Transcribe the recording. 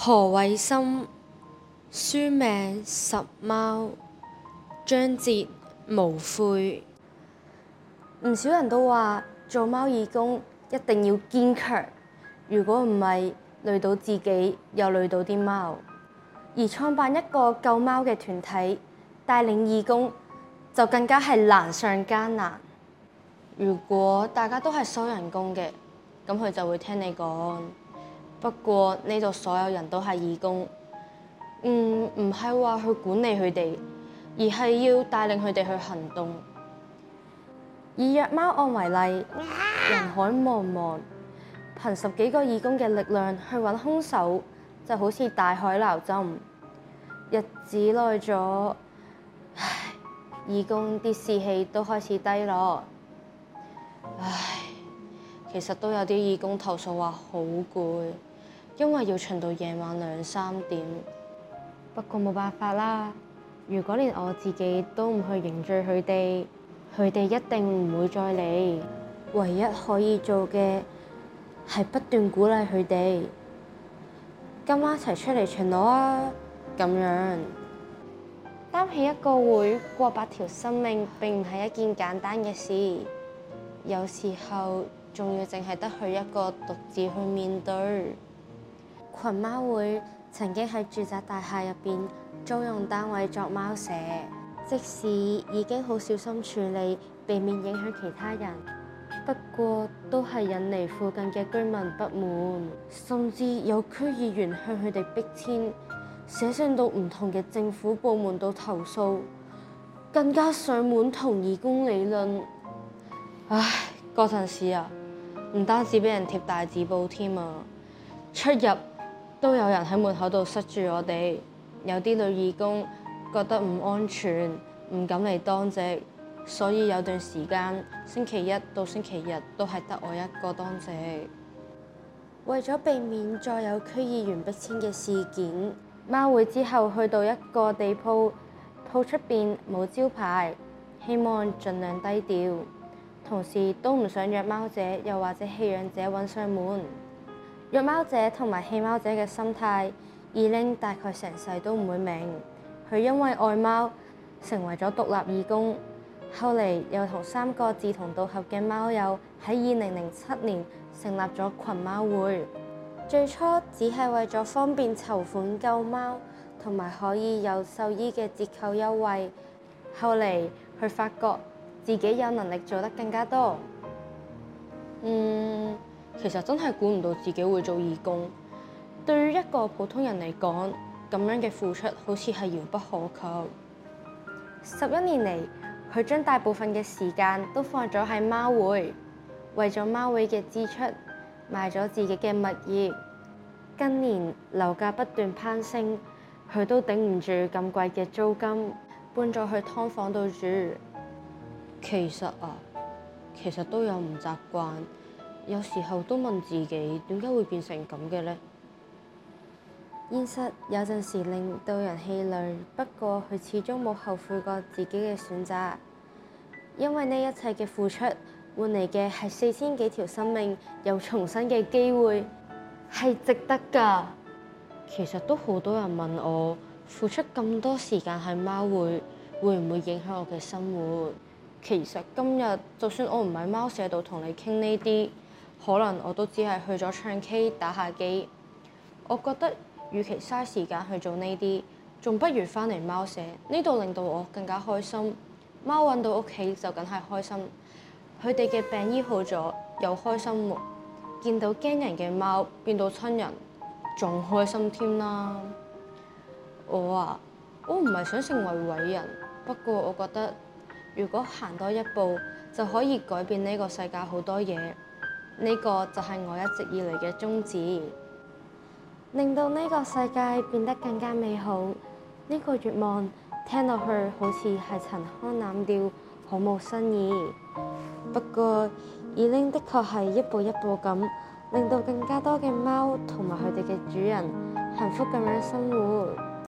何慧芯，書名《拾貓》，章節無悔。唔少人都話做貓義工一定要堅強，如果唔係累到自己又累到啲貓。而創辦一個救貓嘅團體，帶領義工就更加係難上加難。如果大家都係收人工嘅，咁佢就會聽你講。不過呢度所有人都係義工，嗯，唔係話去管理佢哋，而係要帶領佢哋去行動。以拾貓案為例，人海茫茫，憑十幾個義工嘅力量去揾兇手，就好似大海撈針。日子耐咗，唉，義工啲士氣都開始低落，唉，其實都有啲義工投訴話好攰。因為要巡到夜晚兩三點，不過冇辦法啦。如果連我自己都唔去凝聚佢哋，佢哋一定唔會再嚟。唯一可以做嘅係不斷鼓勵佢哋，今晚一齊出嚟巡邏啊！咁樣擔起一個會過百條生命，並唔係一件簡單嘅事。有時候仲要淨係得佢一個獨自去面對。群貓會曾經喺住宅大廈入邊租用單位作貓舍，即使已經好小心處理，避免影響其他人，不過都係引嚟附近嘅居民不滿，甚至有區議員向佢哋逼遷，寫信到唔同嘅政府部門度投訴，更加上門同義工理論。唉，嗰陣時啊，唔單止俾人貼大字報添啊，出入。都有人喺門口度塞住我哋，有啲女義工覺得唔安全，唔敢嚟當值，所以有段時間星期一到星期日都係得我一個當值。為咗避免再有區議員逼遷嘅事件，貓會之後去到一個地鋪鋪出邊冇招牌，希望盡量低調，同時都唔想約貓者又或者棄養者揾上門。養貓者同埋棄貓者嘅心態，二 l 大概成世都唔會明。佢因為愛貓，成為咗獨立義工。後嚟又同三個志同道合嘅貓友喺二零零七年成立咗群貓會。最初只係為咗方便籌款救貓，同埋可以有獸醫嘅折扣優惠。後嚟佢發覺自己有能力做得更加多。嗯。其實真係估唔到自己會做義工，對於一個普通人嚟講，咁樣嘅付出好似係遙不可及。十一年嚟，佢將大部分嘅時間都放咗喺貓會，為咗貓會嘅支出，賣咗自己嘅物業。今年樓價不斷攀升，佢都頂唔住咁貴嘅租金，搬咗去劏房度住。其實啊，其實都有唔習慣。有時候都問自己點解會變成咁嘅呢？現實有陣時令到人氣餒，不過佢始終冇後悔過自己嘅選擇，因為呢一切嘅付出換嚟嘅係四千幾條生命又重新嘅機會，係值得噶。其實都好多人問我，付出咁多時間喺貓會會唔會影響我嘅生活？其實今日就算我唔喺貓舍度同你傾呢啲。可能我都只係去咗唱 K 打下機。我覺得，與其嘥時間去做呢啲，仲不如返嚟貓舍呢度，令到我更加開心。貓揾到屋企就梗係開心，佢哋嘅病醫好咗又開心喎。見到驚人嘅貓變到親人，仲開心添啦。我啊，我唔係想成為偉人，不過我覺得，如果行多一步，就可以改變呢個世界好多嘢。呢個就係我一直以來嘅宗旨，令到呢個世界變得更加美好。呢個願望聽落去好似係陳腔濫調，好冇新意。不過，耳拎的確係一步一步咁，令到更加多嘅貓同埋佢哋嘅主人幸福咁樣生活。